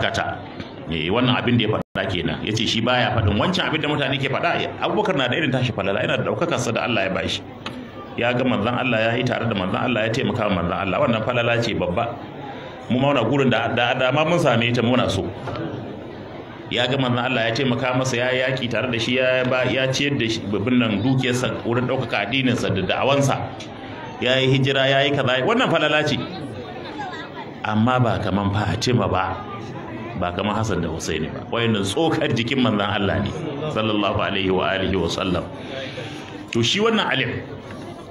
barkata eh, wannan abin da ya faɗa kenan ya ce shi baya faɗin wancan abin da mutane ke faɗa abubakar na da irin tashi falala yana da ɗaukakarsa da Allah ya bashi ya ga manzan Allah ya yi tare da manzan Allah ya taimaka wa manzan Allah wannan falala ce babba mu ma wani gurin da dama mun same ta muna so ya ga manzan Allah ya taimaka masa ya yaki tare da shi ya ciyar da shi babin nan dukiyarsa wurin ɗaukaka addininsa da da'awansa ya yi hijira ya yi kaza wannan falala ce amma ba kaman a ba ba kamar Hassan da Husaini ba wayannan tsokar jikin manzon Allah ne sallallahu alaihi wa alihi wa sallam to shi wannan Ali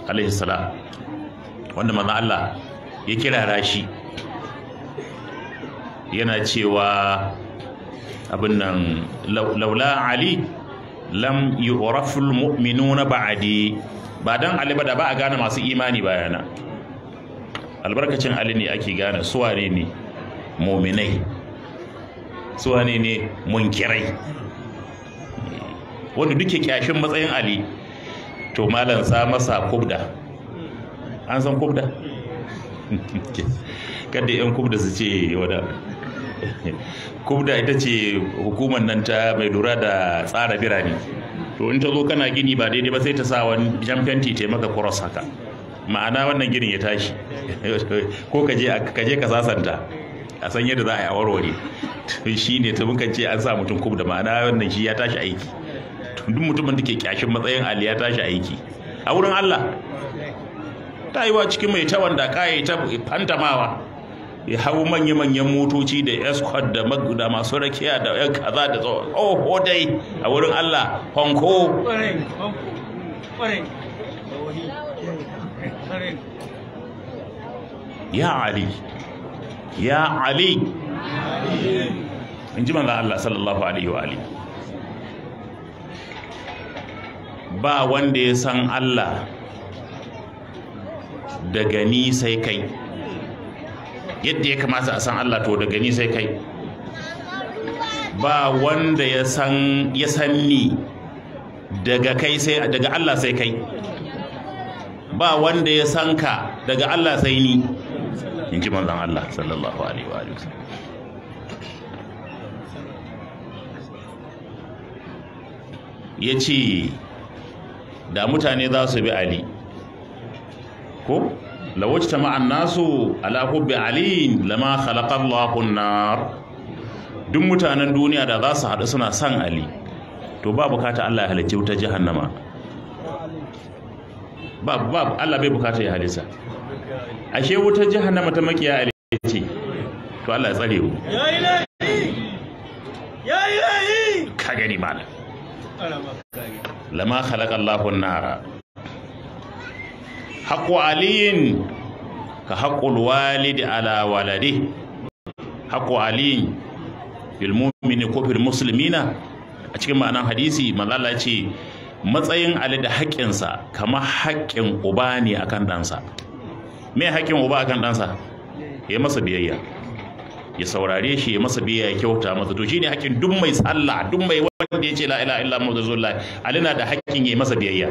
alaihi salam wanda manzon Allah ya kirara shi yana cewa abin nan laula Ali lam yu'raful mu'minuna ba'di ba dan Ali ba da ba a gane masu imani bayana albarkacin Ali ne ake gane suware ne muminai su wane ne munkirai wanda duke kyashin matsayin ali to malam sa masa kubda an san kubda kada yan kubda su ce wada kubda ita ce hukumar nan ta mai lura da tsara birane to in ta zo kana gini ba daidai ba sai ta sa wani jamfanti ta maka kuros haka ma'ana wannan ginin ya tashi ko ka je ka sasanta a san yadda za a yi a warware Tun shi ne ta muka ce an sa mutum kub da ma'ana wannan shi ya tashi aiki tun duk mutumin da ke kyashin matsayin ali ya tashi aiki a wurin Allah ta yi wa cikin mai ta wanda kaya ta fantamawa ya hau manya-manyan motoci da escort da maguda masu rakiya da yan kaza da tsawon oh dai a wurin Allah honko ya ali ya ali in ji manzan Allah sallallahu alaihi wa ali ba wanda ya san Allah daga ni sai kai yadda ya kamata a san Allah to daga ni sai kai ba wanda ya san ya san ni daga kai sai daga Allah sai kai ba wanda ya san ka daga Allah sai ni in ji mazan Allah sallallahu alaihi wa sallam ya ce da mutane za su bi ali ko ta ma'an nasu ala bi ali lama khalaqa Allahu nar duk mutanen duniya da za su haɗu suna son ali to ba bukata Allah ya halicci wuta jahannama ba ba Allah bai bukata ya halisa ashe wutar jahannama ta makiya a ce to Allah ya tsare mu ya ilahi ya ilahi ka gani malam lama khalaqa Allahu an-nara haqqu aliyin ka haqqul walidi ala waladi haqqu aliyin bil mu'mini ko bil muslimina a cikin ma'anar hadisi manzo ce matsayin ali da haƙƙinsa kama haƙƙin uba ne akan ɗansa me hakkin uba a kan ɗansa ya masa biyayya ya saurare shi ya masa biyayya ya kyauta masa to shine hakkin duk mai sallah duk mai wanda ya ce la ilaha illa muhammadu rasulullah alina da hakkin ya masa biyayya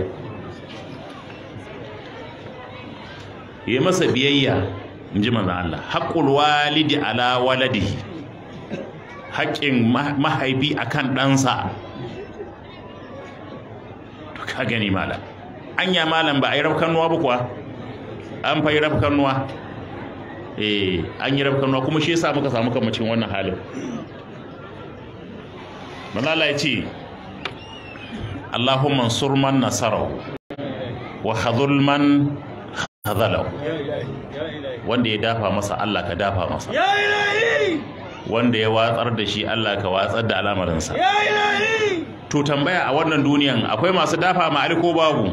ya masa biyayya in ji manzon Allah haqqul walidi ala waladihi hakkin mahaifi akan ɗansa to ka gani malam anya malam ba a yi raukan ba kuwa an fa yi rafkannuwa eh an yi rafkanuwa kuma shi yasa muka samu kamacin wannan halin malala ya ce Allahumma ansur man nasara wa khadhul man khadhalahu wanda ya dafa masa Allah ka dafa masa ya ilahi wanda ya watsar da shi Allah ka watsar da al'amarinsa ya ilahi to tambaya a wannan duniyan akwai masu dafa ma ko babu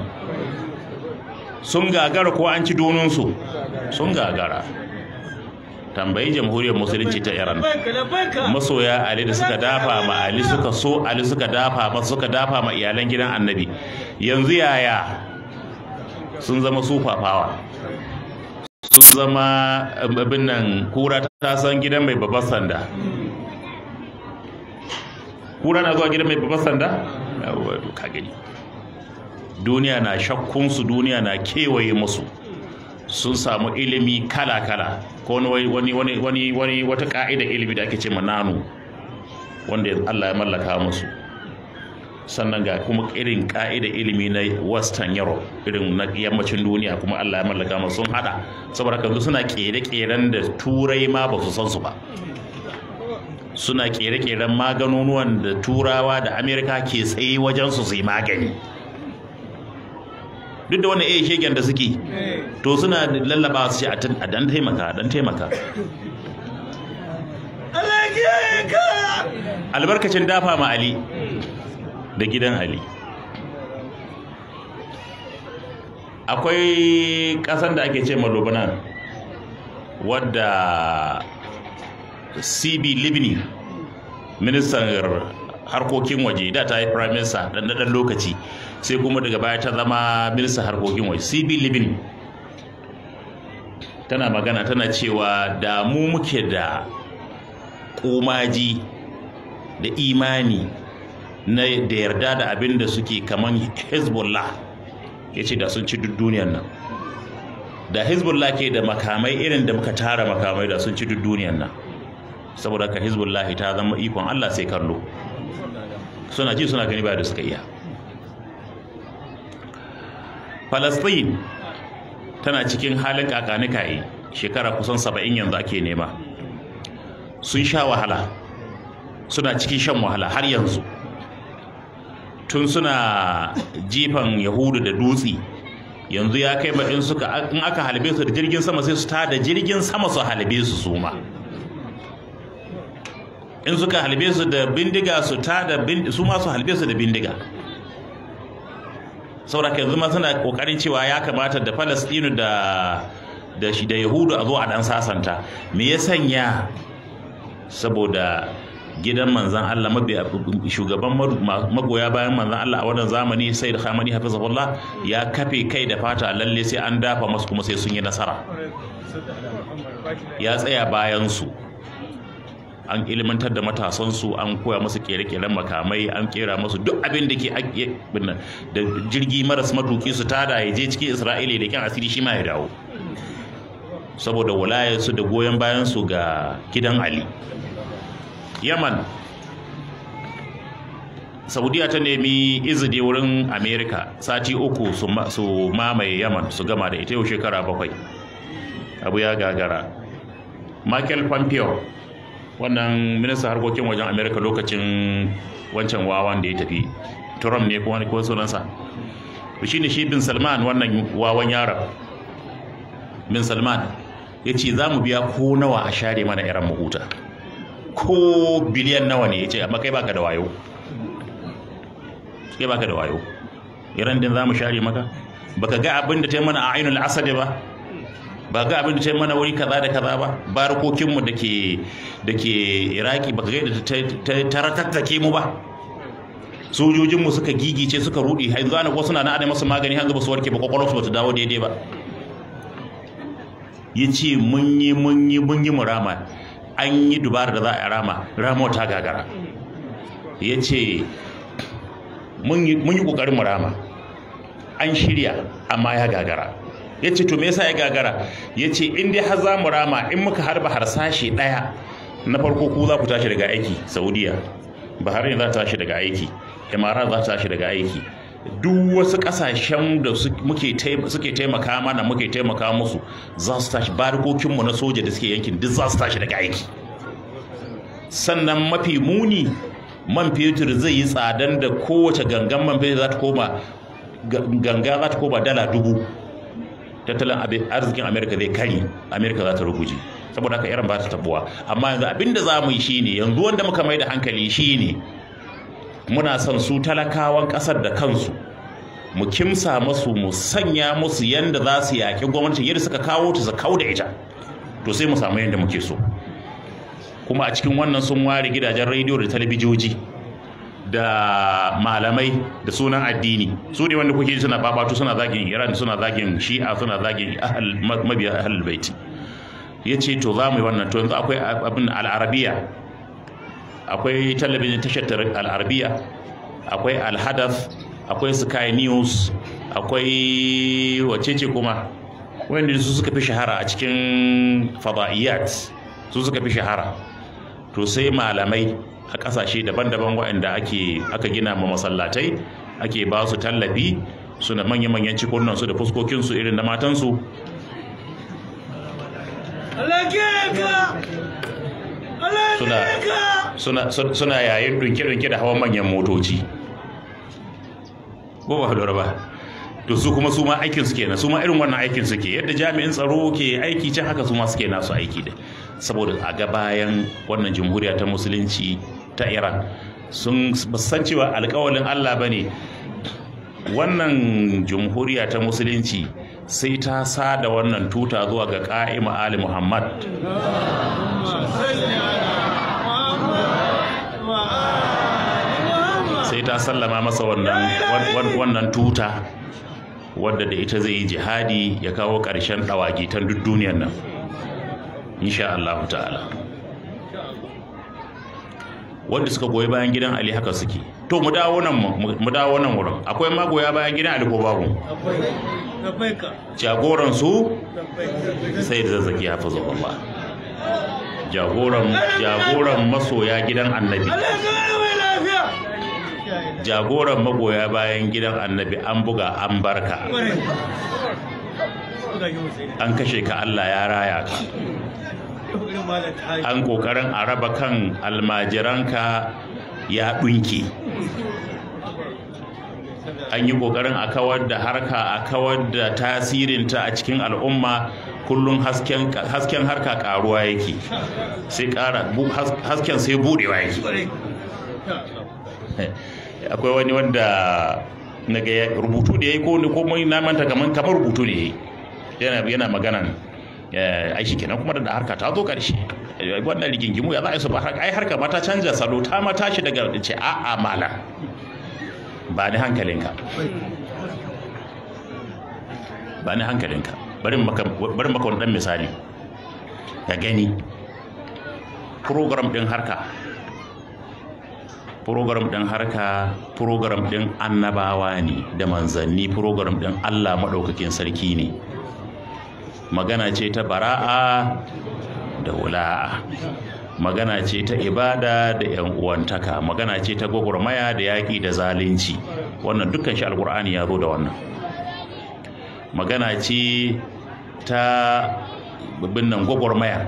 sun gagara ko an ci dononsu sun gagara tambayi jamhuriyar musulunci ta iran masoya ali da suka dafa ma ali suka so ali suka dafa ma suka dafa ma iyalan gidan annabi yanzu yaya sun zama sufafawa sun zama eh, abin nan kura ta san gidan mai babban sanda kura na zuwa gidan mai babban sanda ka gani duniya na shakkunsu duniya na kewaye musu sun samu ilimi kala-kala ko wani wata ka'ida ilimi da ake ce ma nanu wanda Allah ya mallaka musu sannan ga kuma irin ka'ida ilimi na western europe irin na yammacin duniya kuma Allah ya mallaka musu sun hada saboda kanzu suna kere-keren da turai ma ba su san su ba suna kere-keren maganonuwan da turawa da amerika ke tsaye wajen su su yi magani duk da wannan iya da suke eh. to suna lallaba su shi a dan taimaka dan taimaka albarkacin dafa ma Ali da gidan Ali akwai kasan da ake ce ma Lebanon wadda CB Libni ministan harkokin waje da ta yi prime minister lokaci sai kuma daga baya ta zama minista harkokin waje cb libin tana magana tana cewa da mu muke da kumaji da imani na da yarda da abin da suke kamar hezbollah ya ce da sun ci duk duniyar nan da hezbollah ke da makamai irin da muka tara makamai da sun ci duk duniyar nan saboda ka hezbollah ta zama ikon allah sai kallo suna ji suna gani ba da suka iya falastin tana cikin halin kakanikaye shekara kusan saba'in yanzu ake nema sun sha wahala suna cikin shan wahala har yanzu tun suna jifan yahudu da dutse yanzu ya kai baɗin suka in aka halbe su da jirgin sama sai su tada jirgin sama su halbe su ma in suka halbe su da bindiga su tada su ma su halbe su da bindiga saboda yanzu ma suna kokarin cewa ya kamata da Falastinu da shi da Yahudu a zo a dan sasanta me ya sanya saboda gidan manzan Allah shugaban magoya bayan manzan Allah a wannan zamani sai da Khamani hafizahullah ya kafe kai da fata lalle sai an dafa masu kuma sai sun yi nasara ya tsaya bayan su an ilmantar da matasansu an koya musu kere-keren makamai an kera musu duk abin da ke da jirgi maras matuki su tada ya je cikin isra'ila da kyan asiri shi ma ya dawo saboda su da goyon su ga gidan ali yaman saudiya ta nemi izini wurin amerika sati uku su mamaye yaman su gama da ita yau shekara bakwai abu ya gagara michael pompeo wannan ministan harkokin wajen amerika lokacin wancan wawan da ya tafi trump ne kuma ko sunansa shi ne shi bin salman wannan wawan yaron bin salman ya ce za mu biya ko nawa a share mana iran mahuta ko biliyan nawa ne ya ce amma kai baka da wayo kai baka da wayo iran din za mu share maka baka ga abin da ta yi mana a ainihin asali ba ba ga abin da ta yi mana wuri kaza da kaza ba barkokinmu da ke dake iraki ba ga da ta ratattake mu ba sojojinmu suka gigice suka rudi har zuwa wasu na na masu magani har zuba su warke ba su ba ta dawo daidai ba ya ce mun yi mun yi mun yi murama an yi dubara da za a rama rama ta gagara ya ce mun yi kokarin murama an shirya amma ya gagara ya ce to me yasa ya gagara ya ce in dai har za mu rama in muka harba harsashi ɗaya na farko ku za ku tashi daga aiki saudiya bahrain za ta tashi daga aiki imarat za ta tashi daga aiki duk wasu kasashen da suke taimaka mana muke taimaka musu za su tashi barikokinmu na soja da suke yankin duk za su tashi daga aiki sannan mafi muni man fetur zai yi tsadan da kowace gangan man fetur za ta koma ganga za ta koma dala dubu tattalin arzikin amerika zai kari amerika za ta ruguje saboda haka iran ba ta tabuwa amma yanzu abin da za mu yi shine yanzu wanda muka mai da hankali shine muna son su talakawan kasar da kansu mu kimsa masu mu sanya musu yanda za su yaƙi gwamnati yadda suka kawo ta su kau da ita to sai mu samu yanda muke so kuma a cikin wannan sun ware gidajen rediyo da talabijoji da malamai da sunan addini su ne wanda kuke suna babatu suna zagin iran suna zagin shi'a suna zagin mabiya ahlul baiti ya ce to za mu yi wannan to yanzu akwai abin al'arabiya akwai talabijin tashar al'arabiya akwai alhadaf, akwai sky news akwai ce kuma wanda su suka fi shahara a cikin fada'iyat su suka fi shahara to sai malamai a ƙasashe daban-daban waɗanda ake aka gina ma masallatai ake ba su tallafi suna manya-manyan cikunan su da fuskokin su irin na matan su suna yayin dunke-dunke da hawan manyan motoci ba ba ba to su kuma su ma aikin suke kenan su ma irin wannan aikin suke yadda jami'in tsaro ke aiki can haka su ma suke nasu aiki da saboda a ga bayan wannan jamhuriya ta musulunci ta iran sun san cewa alkawalin allah ba ne wannan jamhuriya ta musulunci sai ta sada wannan tuta zuwa ga ƙa'ima ali muhammad sai ta sallama masa wannan tuta wadda da ita zai yi jihadi ya kawo ƙarshen ɗawagitan duk duniyar nan insha Allah ta'ala wanda suka goyi bayan gidan ali haka suke to mu dawo nan mu dawo nan wurin akwai magoya bayan gidan ali ko babu jagoran su sai da zazzaki hafizu Allah jagoran jagoran masoya gidan annabi jagoran magoya bayan gidan annabi an buga an barka an kashe ka Allah ya raya ka an kokarin a raba kan almajiranka ya ɗunke an yi kokarin a kawar da harka a kawar da tasirinta a cikin al'umma kullum hasken harka karuwa yake sai kara hasken sai budewa yake akwai wani wanda na ga rubutu da ya yi ko wani komai na manta kamar rubutu ne yana magana Eh, ai shi kenan kuma da harka ta zo karshe eh, wannan rigingimu ya za a yi su ba ai harka ma ta canza salo ta ma tashi daga ce a'a mala ba ni hankalinka ba ni hankalinka bari maka wani dan misali ka gani program din harka program din harka program din annabawa ne da manzanni program din allah maɗaukakin sarki ne magana ce ta bara'a da wula'a magana ce ta ibada da yan uwantaka magana ce ta gwagwarmaya da yaƙi da zalunci wannan dukkan shi alkur'ani ya zo da wannan magana ce ta binnan gwagwarmaya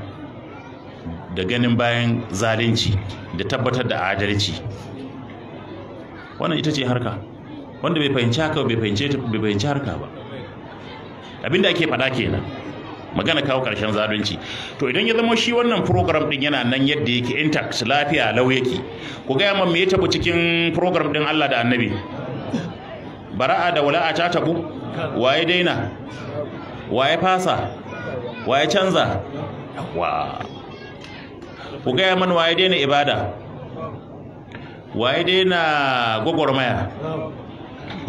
da ganin bayan zalunci da tabbatar da adalci wannan ita ce harka wanda bai fahimci haka bai fahimci harka ba abinda ake faɗa kenan magana kawo karshen zalunci to idan ya zama shi wannan program din yana nan yadda yake intact lafiya lau yake ku gaya min me ya tabu cikin program din Allah da Annabi bara'a da wala'a ta tabu waye daina waye fasa waye canza wa ku gaya min waye daina ibada waye daina gwagwarmaya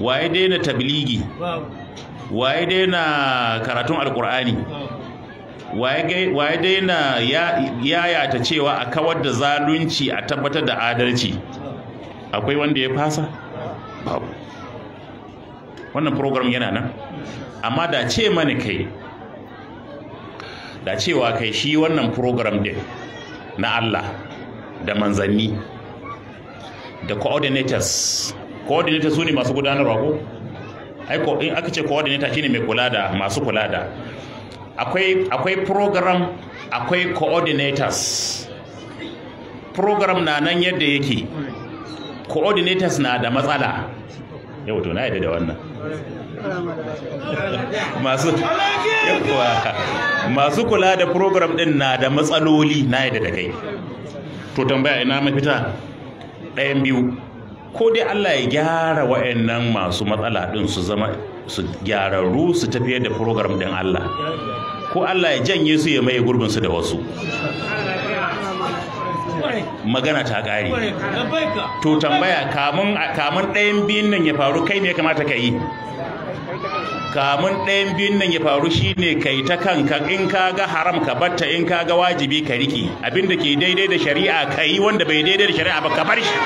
waye daina tabligi waye daina karatun alkur'ani waye daina yayata cewa a kawar da zalunci a tabbatar da adalci akwai wanda ya fasa babu wannan program yana nan amma da ce mani kai da cewa kai shi wannan program din na Allah da manzanni da coordinators coordinators su ne masu gudanarwa ko ai in aka ce coordinator shine mai kula da masu kula da akwai program akwai coordinators program na nan yadda yake coordinators na da matsala yau to na yadda da wannan masu masu kula da program din na da matsaloli na yadda da kai to tambaya ina mafita ɗayan biyu ko dai Allah ya gyara wa'annan masu matsala din su zama su gyararru su tafiyar da program din Allah ko Allah ya janye su ya mai gurbin su da wasu magana ta ƙare to tambaya kamun kamun ɗayan biyun nan ya faru kai ne kamata ka yi kamun ɗayan biyun nan ya faru shine kai ta kanka in ka ga haram ka batta in ka ga wajibi ka riki abinda ke daidai da shari'a ka yi wanda bai daidai da shari'a ba ka bar shi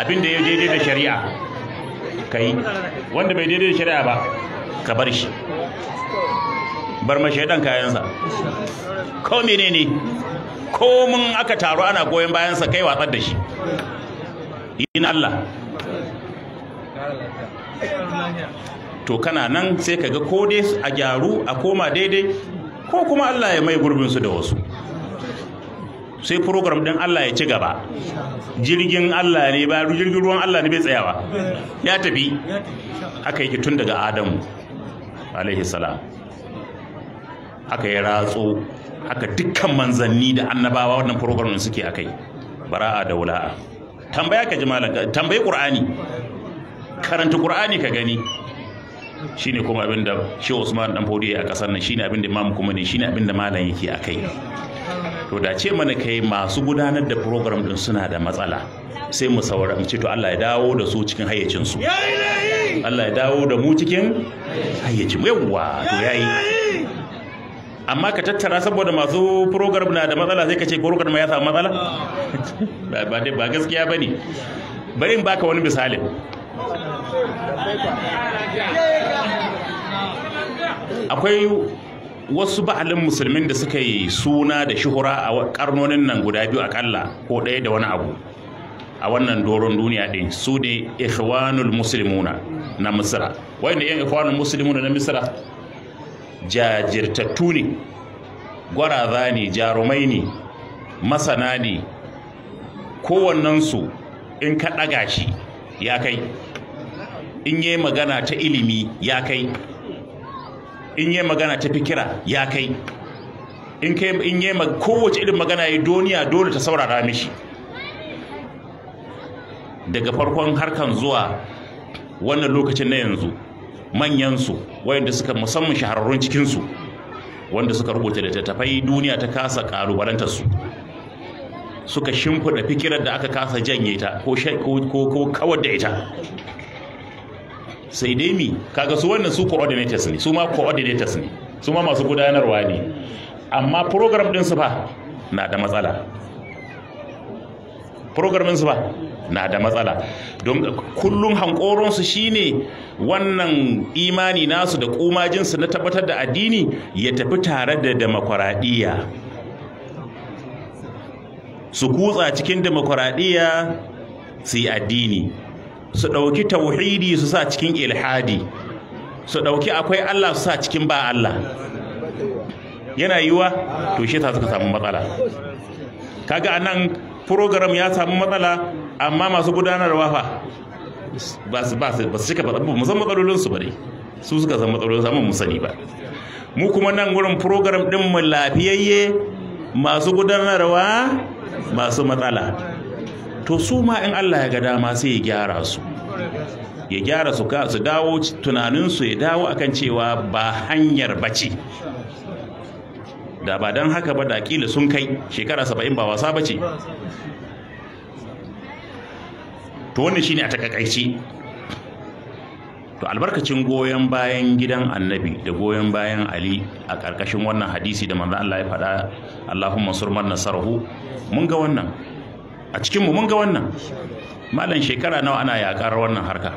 abin da ya daidai da shari'a ka yi wanda bai daidai da shari'a ba ka bar shi bar ma shaidan kayansa ko mene ne? ko mun aka taru ana goyon bayansa kai watsar da shi yin Allah to kana nan sai ka ga ko dai a gyaru a koma daidai ko kuma Allah ya mai gurbinsu da wasu sai program din Allah ya ci gaba jirgin Allah ne ba jirgin ruwan Allah ne bai tsayawa ya tafi aka yi tun daga Adamu alaihi salam aka yi ratso haka dukkan manzanni da annabawa wannan program suke akai bara'a da wula'a tambaya ka jimala tambayi qur'ani karanta qur'ani ka gani shine kuma abin da Shehu Usman dan Fodiye a kasar nan shine abin da Imam kuma ne shine abin da malam yake akai to da ce mana kai masu gudanar da program din suna da matsala sai mu saurari to Allah ya dawo da su cikin hayyacin su Allah ya dawo da mu cikin hayyacin yawa to yayi amma ka tattara saboda masu program na da matsala sai ka ce program ya samu matsala ba ba gaskiya bane bari in baka wani misali akwai wasu ba'alin musulmin da suka yi suna da shuhura a karnonin nan guda biyu akalla ko ɗaya da wani abu a wannan doron duniya ɗin su ne ikhwanul musulmuna na misra wanda yin ikhwanul musulmuna na Misira? jajirtattu ne gwaraza ne jarumai ne masana ne kowannensu in ka ɗaga shi ya kai in yi magana ta ilimi ya kai in yi magana ta fi kira ya kai in kai in yi kowace irin magana ya yi duniya dole ta saurara mishi daga farkon harkan zuwa wannan lokacin na yanzu manyansu wayanda suka musamman shahararrun cikinsu wanda suka rubuta da tattafai duniya ta kasa su suka shimfiɗa fikirar da aka kasa janye ta ko kawar da ita sai dai mi kaga su wannan su coordinators ne su ma coordinators ne su ma masu gudanarwa ne amma program din su fa na da matsala program din su fa na da matsala don kullum hankoron su shine wannan imani nasu da kumajin su na tabbatar da addini ya tafi tare da demokradiyya su kutsa cikin demokradiyya su yi addini su ɗauki tauhidi su sa cikin ilhadi su ɗauki akwai Allah su sa cikin ba Allah yana yiwa to shi ta suka samu matsala kaga anan program ya samu matsala amma masu gudanarwa fa ba su ba su ba su cika ba mu san matsalolin su bane su suka san matsalolin amma mu sani ba mu kuma nan gurin program din mu lafiyayye masu gudanarwa masu matsala to su ma in Allah ya ga dama sai ya gyara su ya gyara su su dawo tunaninsu ya dawo akan cewa ba hanyar bace da ba don haka ba da kila sun kai shekara saba'in ba wasa bace to wannan shine a takakaici to albarkacin goyon bayan gidan annabi da goyon bayan ali a ƙarƙashin wannan hadisi da manzo Allah ya faɗa Allahumma surman nasarhu mun ga wannan a cikin mu mun ga wannan malam shekara nawa ana yakar wannan harka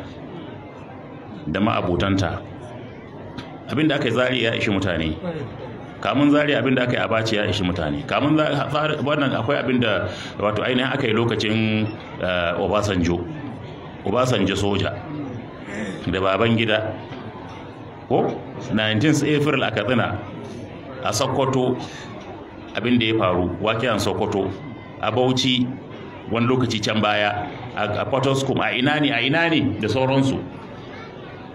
da ma'abutanta abin da aka yi zari ya ishi mutane kamun zari abin da aka yi abaci ya ishi mutane kamun wannan akwai abin da wato ainihin aka yi lokacin eh, obasanjo obasanjo soja da baban gida ko 19 april a katsina a sokoto abin da ya faru wakiyan sokoto a bauchi wani lokaci can baya a potoskum a ina ne a ina ne da sauransu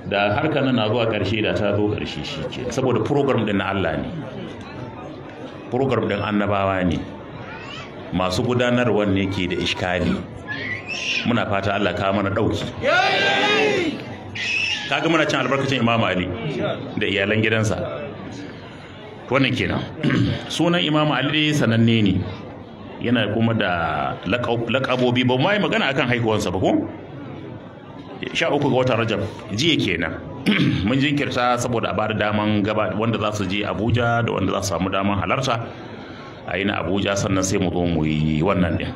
da harkar nan na zuwa ƙarshe da ta zo ƙarshe shi ke saboda program din na Allah ne program din annabawa ne masu gudanarwa ne ke da iskali muna fata Allah ka mana ɗauki kaga muna cin albarkacin Imam Ali da iyalan gidansa wannan kenan sunan Imam Ali sananne ne yana kuma da lakabobi ba ma yi magana akan haihuwansa ba ko sha uku ga watan rajab jiya kenan mun jinkirta saboda a bar daman gaba wanda za su je abuja da wanda za su samu daman halarta a yi na abuja sannan sai mu zo mu yi wannan din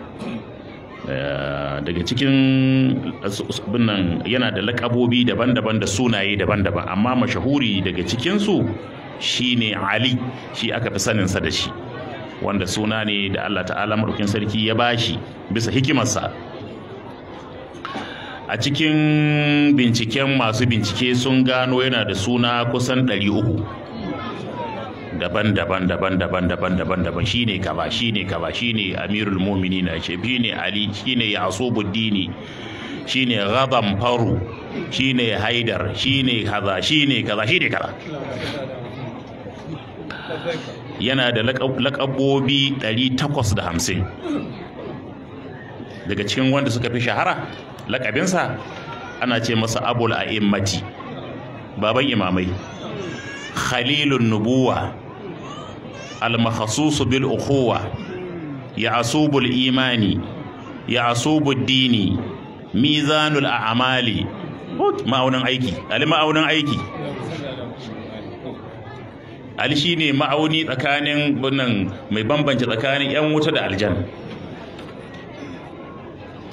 eh, daga cikin binnan yana da lakabobi daban-daban da sunaye daban-daban amma mashahuri daga cikinsu shine ali shi aka fi saninsa da shi wanda suna ne da Allah ta'ala maɗaukin sarki ya bashi bisa hikimarsa a cikin binciken masu bincike sun gano yana da suna kusan 300 daban-daban daban-daban daban-daban daban shine ne, shine shi shine amirul mu'minina shine ali shine shi shine gaban faru shine haidar shine ne, shine kaza shine kaza yana da laƙabobi 850 daga cikin wanda suka fi shahara lakabinsa, ana ce masa abul a'immati baban imamai khalilun nubuwa al bil ukhuwa ya asubul imani ya asubul dini mizanul Amali. ma'aunin aiki ali ma'aunin aiki ali shine ma'auni tsakanin wannan mai bambanci tsakanin yan wuta da aljan.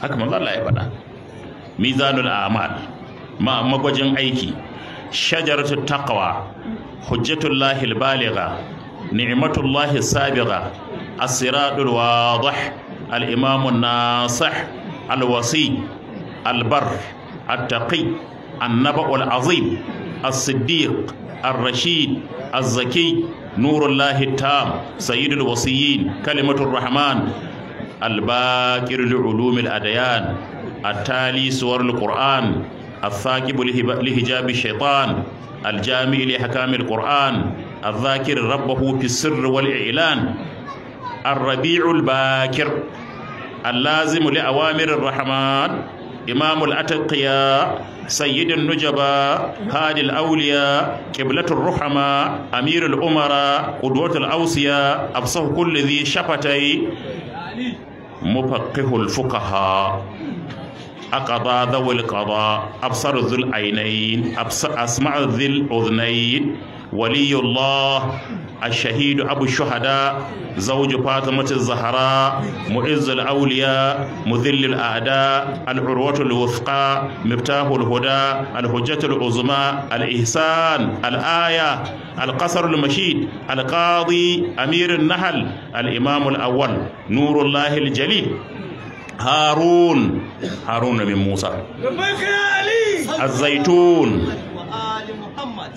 haka manzo Allah ya faɗa mizanul a'mal ma magwajin aiki shajaratu taqwa hujjatullahi albaligha Lahi sabiga as-siratul wadih al-imam an-nasih al-wasi al-bar at-taqi an-naba'ul azim as-siddiq ar-rashid الزكي نور الله التام سيد الوصيين كلمة الرحمن الباكر لعلوم الأديان التالي سور القرآن الثاقب لهجاب الشيطان الجامع لحكام القرآن الذاكر ربه في السر والإعلان الربيع الباكر اللازم لأوامر الرحمن إمام الأتقياء سيد النجباء هادي الأولياء قبلة الرحمة أمير الأمراء قدوة الأوصياء أبصر كل ذي شفتي مفقه الفقهاء أقضى ذوي القضاء أبصر ذو العينين أسمع ذي الأذنين ولي الله الشهيد أبو الشهداء زوج فاطمة الزهراء معز الأولياء مذل الأعداء العروة الوثقى مفتاح الهدى الحجة العظمى الإحسان الآية القصر المشيد القاضي أمير النحل الإمام الأول نور الله الجليل هارون هارون من موسى الزيتون وآل محمد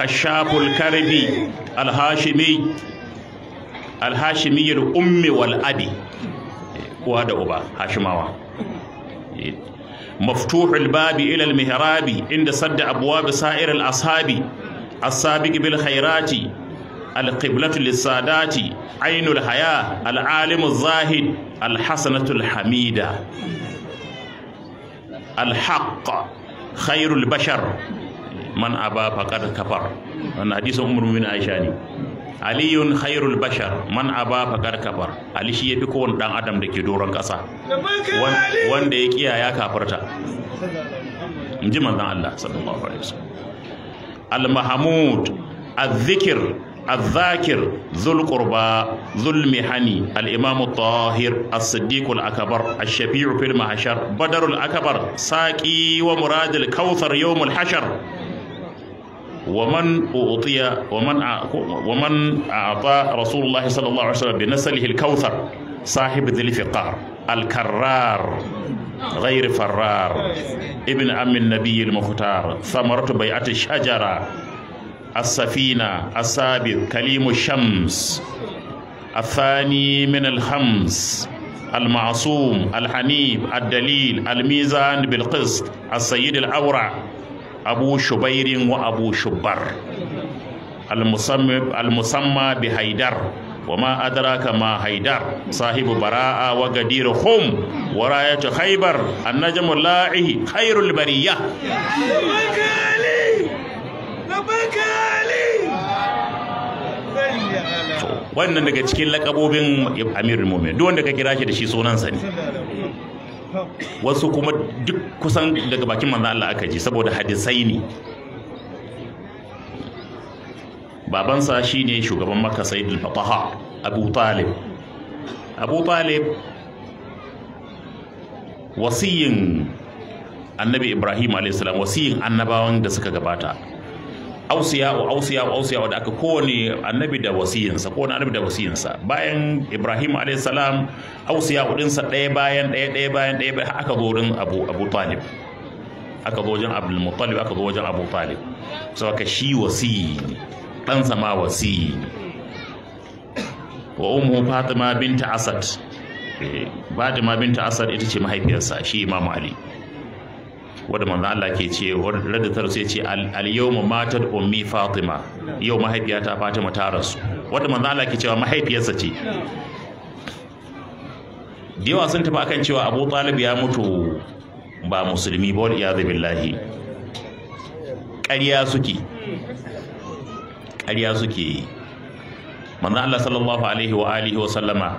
kashaful karbi alhashimi alhashimiyar ummi wal abi uwa da uba hashimawa maftuhul babi ila almihrabi inda sadda abwab sa'ir al-ashabi as-sabiq bil khairati القبلة للسادات عين الحياة العالم الزاهد الحسنة الحميدة alhaq khairul bashar man aba faqad kafar wannan hadisin umar bin aisha ne aliyun khairul bashar man aba faqad kafar ali shi yafi kowane dan adam da ke doron ƙasa. wanda ya kiya ya kafarta in ji Allah sallallahu alaihi al mahmud al الذاكر ذو القربى ذو المحن الإمام الطاهر الصديق الأكبر الشفيع في المحشر بدر الأكبر ساقي ومراد الكوثر يوم الحشر ومن أعطي ومن ومن أعطى رسول الله صلى الله عليه وسلم بنسله الكوثر صاحب ذي الفقار الكرار غير فرار ابن أم النبي المختار ثمرة بيعة الشجرة السفينة السابق كليم الشمس الثاني من الخمس المعصوم الحنيف الدليل الميزان بالقسط السيد الأورع أبو شبير وأبو شبر المسمى المسمى بهيدر وما أدراك ما هيدر صاحب براءة وقدير خم وراية خيبر النجم اللاعي خير البرية wannan daga cikin lakabobin amirin mumin duk wanda ka kira shi da shi sunansa ne wasu kuma duk kusan daga bakin manzo Allah aka ji saboda hadisai ne babansa shine shugaban makka sayyidul fataha abu talib abu talib wasiyin annabi ibrahim a.s. wasiyin annabawan da suka gabata ausiya wa ausiya da aka kowane annabi da wasiyinsa kowane annabi da wasiyinsa bayan ibrahim alayhi salam ausiya'u dinsa ɗaya bayan ɗaya ɗaya bayan ɗaya bayan aka zo wurin abu abu talib aka zo wajen abdul muttalib aka zo wajen abu talib aka shi wasiyi ɗansa ma wasiyi wa ummu fatima binta asad eh, fatima binta asad ita ce mahaifiyarsa shi imamu ali wanda manzo Allah ke ce radda ta rasu ce al yawma matat ummi fatima yau mahaifiyata fatima ta rasu wanda manzo Allah ke cewa mahaifiyarsa ce da sun tafi akan cewa Abu Talib ya mutu ba musulmi ba wal iyad billahi ƙarya suke ƙarya suke manzo Allah sallallahu alaihi wa alihi wa sallama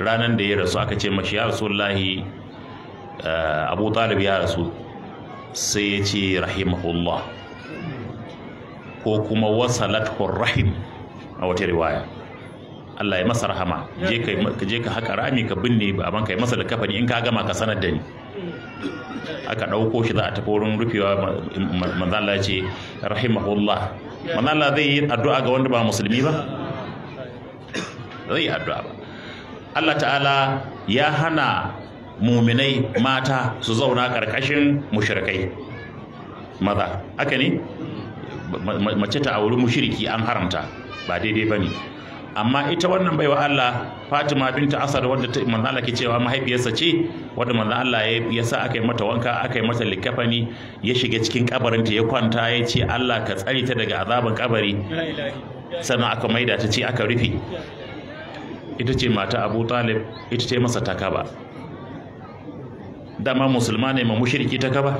ranan da ya rasu aka ce mashi ya rasulullahi abu talib ya rasu sai ya ce rahimahullah ko kuma wasalathu rahim a wata riwaya Allah ya masa rahama je ka je ka haka rami ka binne baban yi masa da ne in ka gama ka sanar da ni aka ɗauko shi za a tafi wurin rufewa manzala ce rahimahullah manzala zai yi addu'a ga wanda ba musulmi ba zai yi addu'a ba Allah ta'ala ya hana muminai mata su zauna karkashin mushirkai maza haka ne mace ta auri mushiriki an haramta ba daidai ba ne. amma ita wannan baiwa Allah Fatima binta Asad wanda ta manzo Allah ke cewa mahaifiyarsa ce wanda manzo Allah ya sa aka yi mata wanka aka yi mata likafani ya shiga cikin kabarinta ya kwanta ya ce Allah ka tsare ta daga azaban kabari sannan aka maida ta ce aka rufe ita ce mata Abu Talib ita ce masa takaba dama musulma ne ma mushriki ta kaba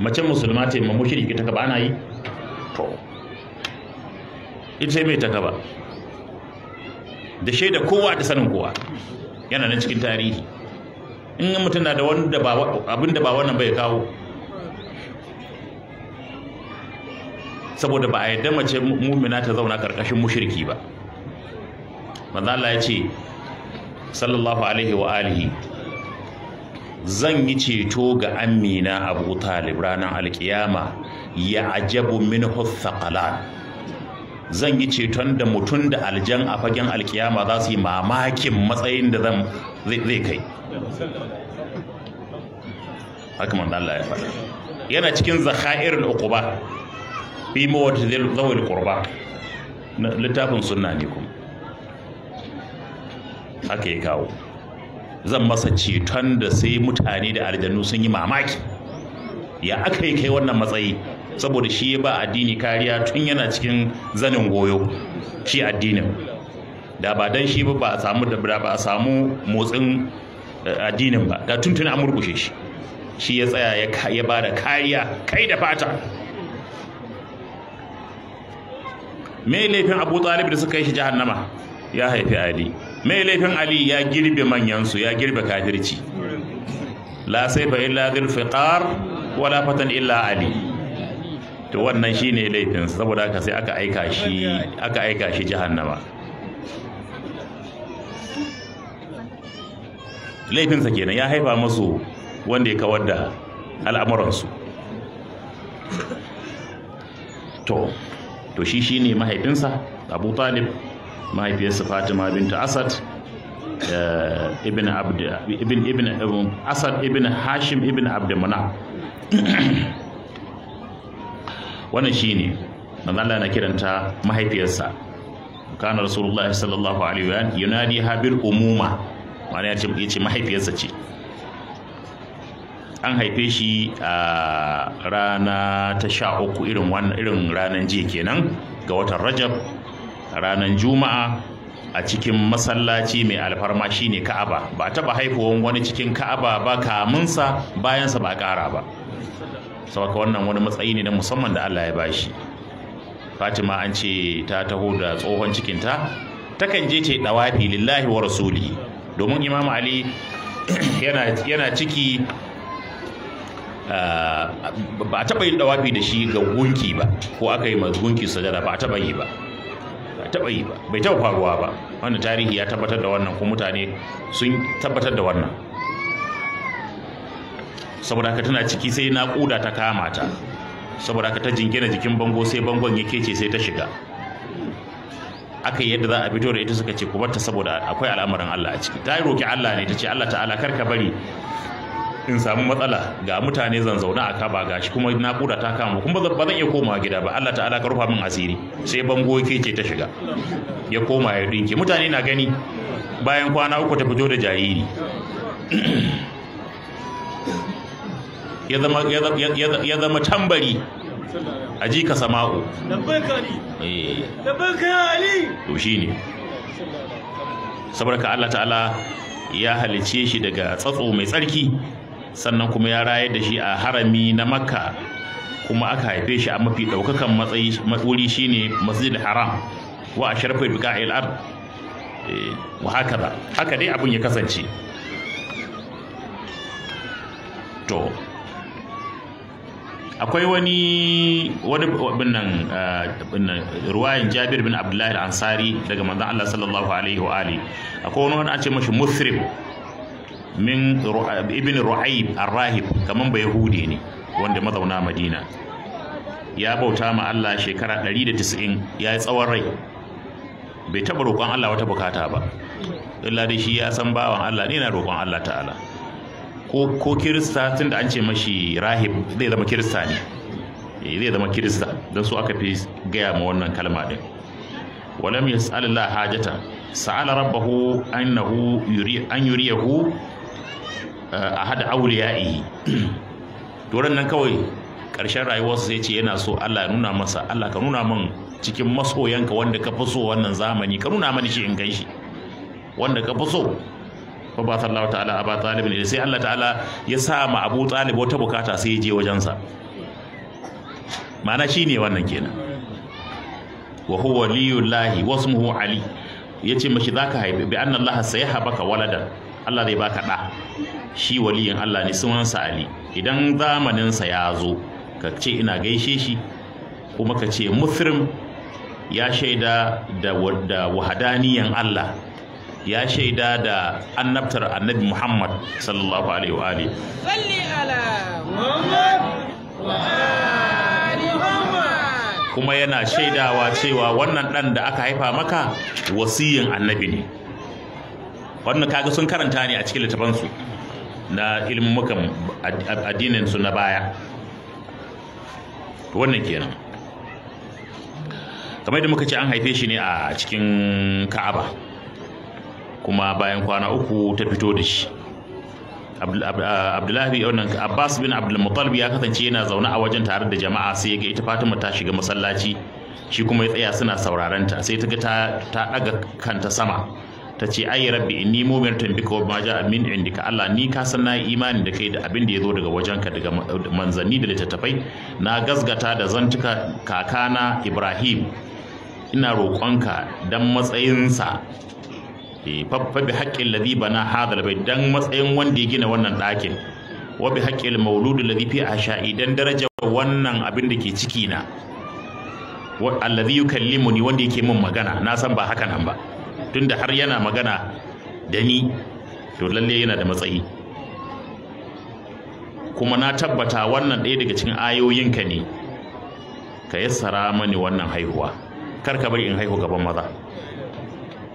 mace musulma ce ma mushriki ta kaba ana yi to ita mai ta kaba da shaida kowa da sanin kowa yana nan cikin tarihi in mutum na da wanda ba abin da ba wannan bai kawo saboda ba a yadda mace mumina ta zauna karkashin mushriki ba manzo Allah ya ce sallallahu alaihi wa alihi zan yi ceto ga amina abu talib ranar alkiyama ya ajabu min hussakala zan yi ceton da mutum da aljan a fagen alkiyama za su yi mamakin matsayin da zan zai kai haka da Allah ya faɗa yana cikin uku ba, fi mawt zawil qurba littafin sunna ne kuma haka ya kawo zan masa ceton da sai mutane da aljanu sun yi mamaki ya aka yi kai wannan matsayi saboda shi ba addini kariya tun yana cikin zanin goyo shi addinin da ba dan shi ba a samu da ba a samu motsin eh, addinin ba da tuntuna an murkushe shi shi ya tsaya ya ba da kariya kai da fata me laifin abu talib da suka yi shi jahannama ya haifi ali mai laifin ali ya girbe manyansu ya girbe kafirci la saifa illa dhil fiqar wala fatan illa ali to wannan shine laifin saboda haka sai aka aika shi aka aika shi jahannama laifinsa kenan ya haifa musu wanda ya kawar da al'amuransu to to shi shine mahaifinsa abu talib mahaifiyarsa fatima bintu asad eh, ibn abd ibn ibn um, asad ibn hashim ibn abd manaf wannan shine manzo Allah na kiranta mahaifiyarsa kana rasulullahi sallallahu alaihi wa yunadi habir umuma ma'ana yace yace mahaifiyarsa ce an haife shi a rana ta sha uku irin ranar jiya kenan ga watan rajab ranar juma'a a cikin masallaci mai alfarma ne ka'aba ba taɓa haifuwan wani cikin ka'aba ba kamunsa bayansa ba ƙara ba saboda wannan wani matsayi ne na musamman da Allah ya bashi Fatima an ce ta taho da tsohon cikinta takan je ta yi dawafi lillahi wa rasuli domin Imam Ali yana ciki ah, ba a taɓa yin dawafi da shi ga gunki ba ko aka yi ma gunki sajada ba a taɓa yi ba taɓa yi ba bai taɓa faruwa ba wanda tarihi ya tabbatar da wannan kuma mutane sun tabbatar da wannan saboda haka tana ciki sai naƙuda ta kama ta saboda haka ta jingina jikin bango sai bangon ya kece sai ta shiga aka yi yadda za a fito da ita suka ce ku saboda akwai al'amarin Allah a ciki ta yi roƙi Allah ne ta ce Allah ta'ala kar ka bari in samu matsala ga mutane zan zauna a kaba gashi kuma nakuda ta kama kuma ba zan iya koma gida ba Allah ta'ala ka rufa min asiri sai bango yake ce ta shiga ya koma ya dinki mutane na gani bayan kwana uku ta fito da jariri ya zama tambari a ji ka sama'u eh. to shi ne saboda ka Allah ta'ala ya halice shi daga tsatso mai tsarki sannan kuma ya rayar da shi a harami na makka kuma aka haife shi a mafi ɗaukakan matsayi wuri shine masjid haram wa a sharfe bika Ilar? Eh, wa haka ba haka dai abin ya kasance to akwai wani wani eh, abin nan ruwayan Jabir bin Abdullahi al-Ansari daga manzon Allah sallallahu alaihi wa alihi akwai wani wani an ce mashi Musrib min ibn ru'aib ar-rahib kaman ba yahudi ne wanda mazauna madina ya bauta ma Allah shekara 190 ya yi tsawon rai bai taɓa roƙon Allah wata bukata ba illa dai shi ya san bawan Allah ne na roƙon Allah ta'ala ko ko kirista tunda an ce mashi rahib zai zama kirista ne eh, zai zama kirista don su aka fi gaya ma wannan kalma din walam Allah hajata sa'ala rabbahu annahu yuri an yuriyahu A hada auliya'i to nan kawai ƙarshen rayuwarsa sai ce yana so Allah ya nuna masa Allah ka nuna min cikin masoyanka wanda ka fi so wannan zamani ka nuna mani shi in kai shi wanda ka fi so fa ba sallahu ta'ala aba talibin sai Allah ta'ala ya sa ma Abu Talib wata bukata sai ya je wajensa ma'ana shine wannan kenan wa huwa liyullahi wasmuhu ali yace mashi zaka haifi bi anna Allah sayahbaka waladan Allah zai baka ɗa shi waliyin Allah ne sunansa Ali idan zamaninsa ya zo ka ce ina gaishe shi kuma ka ce muslim ya shaida da wahadaniyan Allah ya shaida da annabtar annabi Muhammad sallallahu alaihi wa ali kuma yana shaidawa cewa wannan ɗan da aka haifa maka wasiyin annabi ne wannan kaga sun karanta ne a cikin littafansu na ilmukan addinin su na baya wannan kenan kamar da muka ce an haife shi ne a cikin ka'aba kuma bayan kwana uku ta fito da shi ah, abdullahi wannan abbas bin abdulmutalib ya kasance yana zaune a wajen tare da jama'a sai ya ga ita fatima ta shiga masallaci shi kuma ya tsaya suna sauraron ta sai ta ga ta daga kanta sama ta ce ai rabbi inni tun bika wa ma min indika Allah ni ka san na imani da kai da abin da ya zo daga wajenka daga manzanni da littattafai na gasgata da zantuka kakana Ibrahim ina roƙonka dan matsayinsa eh, fa bi haƙƙin ladhi bana hadal bai dan matsayin wanda ya gina wannan ɗakin wa bi haƙƙil mauludu ladhi fi asha'i dan daraja wannan abin da ke ciki na alladhi yukallimuni wanda yake min magana na san ba haka nan ba tunda har yana magana da ni to lalle yana da matsayi kuma na tabbata wannan ɗaya daga cikin ayoyinka ne ka yassara mani wannan haihuwa kar ka bari in haihu gaban maza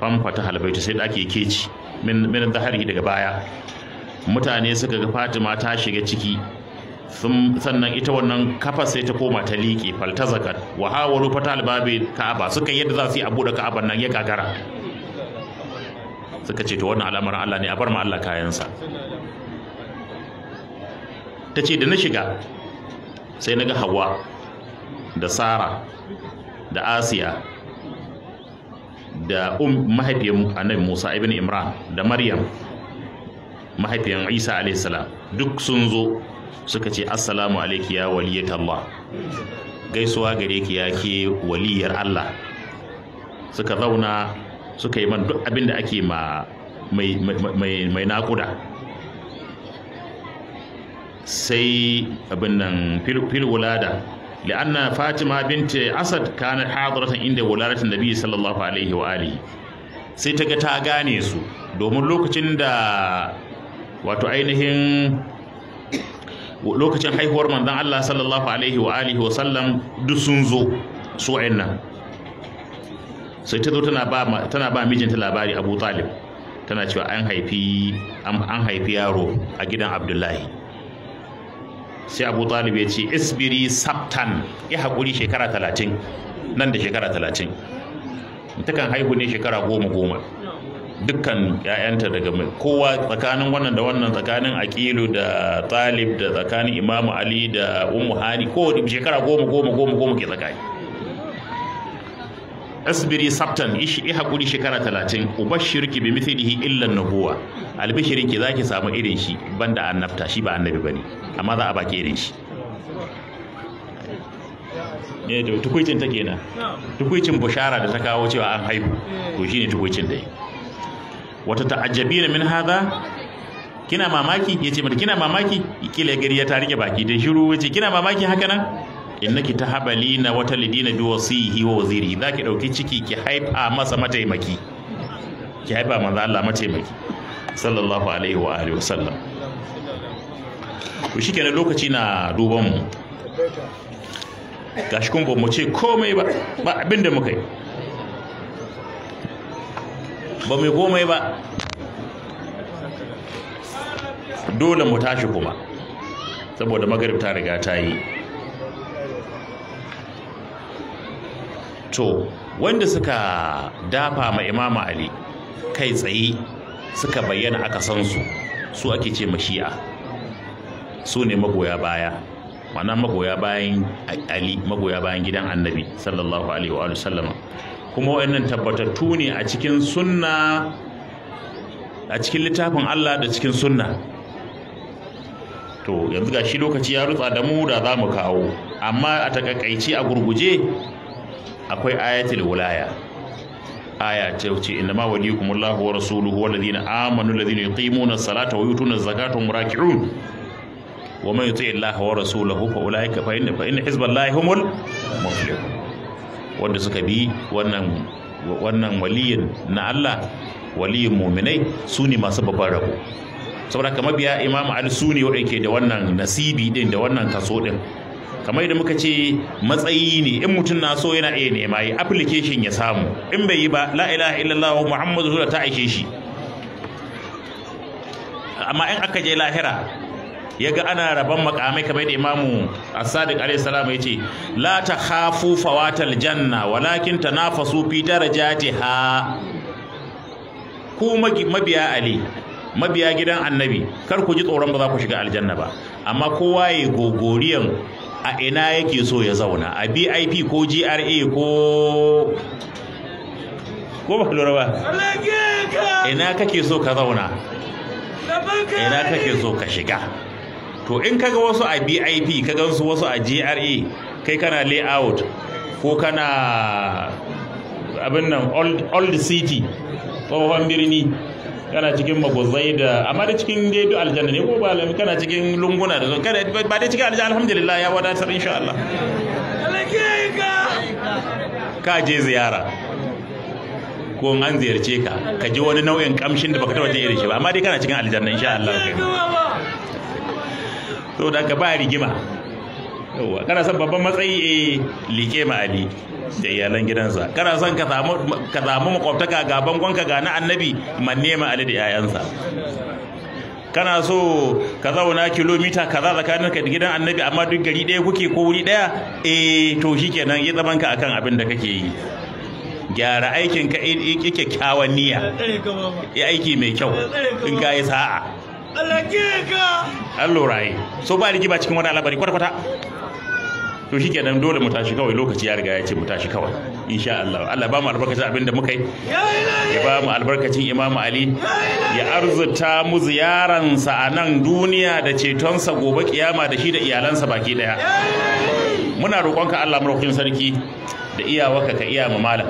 famfa ta halbaita sai da ake keci min zahari daga baya mutane suka ga fatima ta shiga ciki sannan ita wannan kafa sai ta koma ta liƙe faltazakat wa hawaru fatal babi ka'aba suka yadda za su yi abu da ka'aban nan ya gagara suka ce to wannan al'amarin Allah ne a bar mu Allah kayansa ta ce da na shiga sai na ga hawa da sara da asiya da um-, mahaifiyar annabi musa ibn imran da maryam mahaifiyar isa alaihissalam duk sun zo suka ce assalamu alaiki ya waliyat allah gaisuwa gare ki ya ke waliyar allah suka zauna suka yi man duk abin da ake ma mai naƙuda sai abin nan fil wulada li'anna fatima binti asad kanar hadiratan inda da biyu sallallahu alaihi wa alihi sai ta ga ta gane su domin lokacin da wato ainihin lokacin haihuwar manzan Allah sallallahu alaihi wa alihi wa sallam duk sun zo su nan sai ta zo tana ba mijinta labari Abu Talib tana cewa an haifi an haifi yaro a gidan Abdullahi sai Abu Talib ya ce isbiri sabtan ya hakuri shekara talatin nan da shekara talatin takan haihu ne shekara goma goma dukkan ‘ya'yanta daga mai kowa tsakanin wannan da wannan tsakanin akilu da talib da tsakanin imamu ali da umu hani kowa shekara goma goma goma goma ke tsakani asbiri sabtan ishi hakuri shekara talatin 30 ubashirki bi mithlihi illa nubuwa ki zaki samu irin shi banda annabta shi ba annabi bane amma za a baki irin shi ne to tukuicin take na tukuicin bushara da ta kawo cewa an haihu to shine tukuicin dai wata ta'ajjabina min hadha kina mamaki yace mata kina mamaki kila gari ya tarike baki da shiru yace kina mamaki haka nan innaki tahabalina wata lidina bi wasihi wa waziri Za ki ɗauki ciki ki haifa masa mataimaki ki haifa manzo Allah mataimaki sallallahu alaihi wa alihi wasallam to kenan lokaci na duban mu gashi kun ba mu ce komai ba ba abinda muka yi ba mu komai ba dole mu tashi kuma saboda magarib ta riga ta yi to wanda suka dafa ma imamu ali kai tsaye suka bayyana aka san su su ake ce mashi'a su ne magoya baya Mana magoya bayan ali magoya bayan gidan annabi sallallahu alaihi wa sallama kuma wayannan tabbatattu ne a cikin sunna a cikin littafin Allah da cikin sunna to yanzu ga shi lokaci ya rutsa da mu da za mu kawo amma a takakaici a gurguje akwai ayatul wilaya aya ce wuce inna ma waliyukumullahu wa rasuluhu walladhina amanu alladhina yuqimuna as-salata wa yutuna az-zakata wa raki'un wa man yuti Allah wa rasulahu fa ulaika fa inna fa inna hizballahi humul muflihun wanda suka bi wannan wannan waliyin na Allah waliyin mu'minai su ne masu babban rabo saboda kamar biya imamu ali suni wanda yake da wannan nasibi din da wannan kaso din kamar da muka ce matsayi ne in mutum na so yana iya nema yi application ya samu in bai yi ba la ilaha illallah muhammadu rasulullah ta aike shi amma in aka je lahira ya ga ana rabon makamai kamar da imamu as-sadiq alaihi salam ya ce la ta khafu fawatal janna walakin tanafasu fi darajatiha ku mabiya ali mabiya gidan annabi kar ku ji tsoron ba za ku shiga aljanna ba amma kowa ya gogoriyan a ina yake so ya zauna a bip ko gra ko ko ba lura ba ina kake so ka zauna ina kake so ka shiga to in kaga wasu a bip ka gansu wasu a gra kai kana layout ko kana abin nan old city tsohon birni kana cikin magwazai da amma da cikin dai aljanna ne ko ba kana cikin lunguna da kada ba dai cikin aljanna alhamdulillah ya wadatar insha Allah ka je ziyara ko an ziyarce ka ka ji wani nau'in kamshin da baka taba jin irin shi ba amma dai kana cikin aljanna insha Allah to da ka ba rigima yauwa kana son babban matsayi eh like ma da iyalan gidansa kana son ka samu makwabtaka ga bangonka ga na annabi manne ma ali da yayansa kana so ka zauna kilomita kaza tsakanin ka gidan annabi amma duk gari ɗaya kuke ko wuri ɗaya eh to shikenan ya zaman ka akan abin da kake yi gyara aikin ka kyakkyawan niyya ya aiki mai kyau in ka yi sa'a Allah ke ka Allah rai, so ba ba cikin wani alabari kwata-kwata to shi kenan dole mu tashi kawai lokaci ya riga ya ce mu tashi kawai insha Allah Allah ba mu albarkacin abin da muka yi ya ba mu albarkacin Imam Ali ya arzuta mu ziyaransa a nan duniya da cetonsa gobe kiyama da shi da iyalansa baki daya muna roƙonka Allah muraukin sarki da iyawaka ka iya mu malam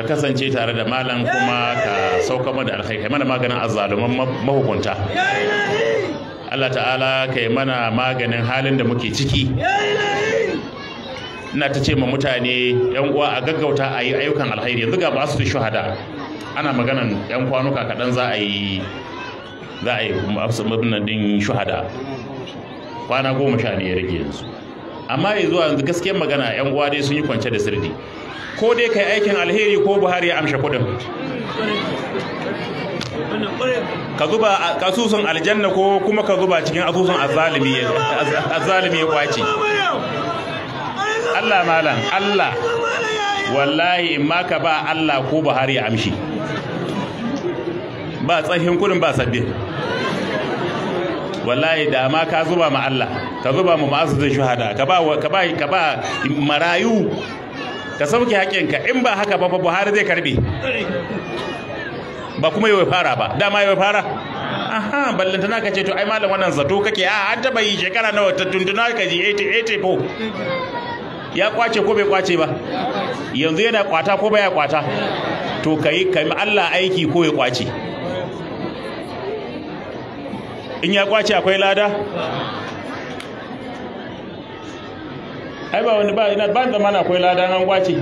ka kasance tare da malam kuma ka sauka da alkhairi mana maganin azzaluman mahukunta Allah ta'ala ka yi mana maganin halin da muke ciki ina ta ce ma mutane yan uwa a gaggauta a yi ayyukan alkhairi yanzu ga basu shuhada ana maganan yan kwanuka kaɗan za a yi za a yi din shuhada kwana goma sha ne ya rage yanzu amma ya zuwa yanzu gaskiyar magana yan uwa dai sun yi kwance da sirdi ko dai kai aikin alheri ko buhari ya amsha kuɗin ka zuba a asusun aljanna ko kuma ka zuba cikin asusun azalimi ya kwace Allah malam Allah wallahi in ma ka ba Allah ko Buhari ya amshi ba tsahin kudin ba sabbin wallahi da ma ka zuba ma Allah ka zuba mu ma'azuzin shuhada ka ba ka ba ka ba marayu ka sauke haƙƙinka in ba haka ba Buhari zai karbe ba kuma yau fara ba dama yau fara aha ballantana ka ce to ai malam wannan zato kake a an taba yi shekara nawa ta tuntuna ka ji 84 ya kwace ko bai kwace ba yanzu yana kwata ko baya kwata to kai kai Allah aiki ko ya kwace in ya kwace akwai lada ai ba wani ba ina da zamana akwai lada nan kwace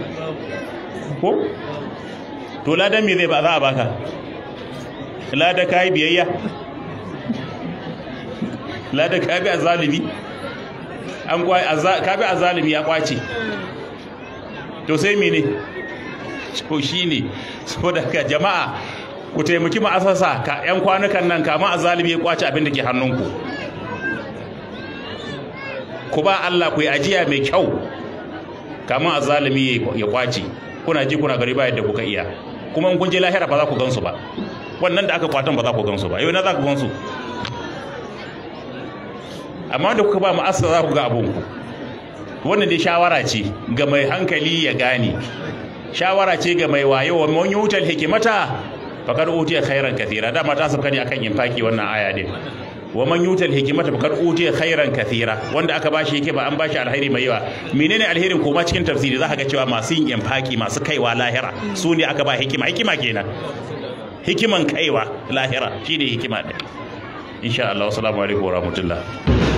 ko to ladan me zai ba za a baka lada ka yi biyayya lada ka bi a zalimi an ka bi a zalimi ya kwace to sai mene to shi ne saboda ka jama'a ku taimaki ma'asasa ka 'yan kwanukan nan kama a zalimi ya kwace abin da ke hannunku ku ba Allah ku yi ajiya mai kyau kama a zalimi ya kwace kuna ji kuna gari ba yadda kuka iya kuma in kun je lahira ba za ku gansu ba wannan da aka kwatan ba za ku gansu ba yau na za ku gansu amma da kuka ba mu asa za ku ga abun ku wannan dai shawara ce ga mai hankali ya gane shawara ce ga mai wayo wa yi yutal hikimata fakar utiya khairan kathira dama ta sabka ne akan infaki wannan aya din wa man yutal hikimata fakar utiya khairan kathira wanda aka bashi ba an bashi alheri mai yawa menene alherin koma cikin tafsiri za ka ga cewa masu yin infaki masu kaiwa lahira su ne aka ba hikima hikima kenan hikiman kaiwa lahira shine hikima ɗin insha Allah assalamu alaikum wa rahmatullah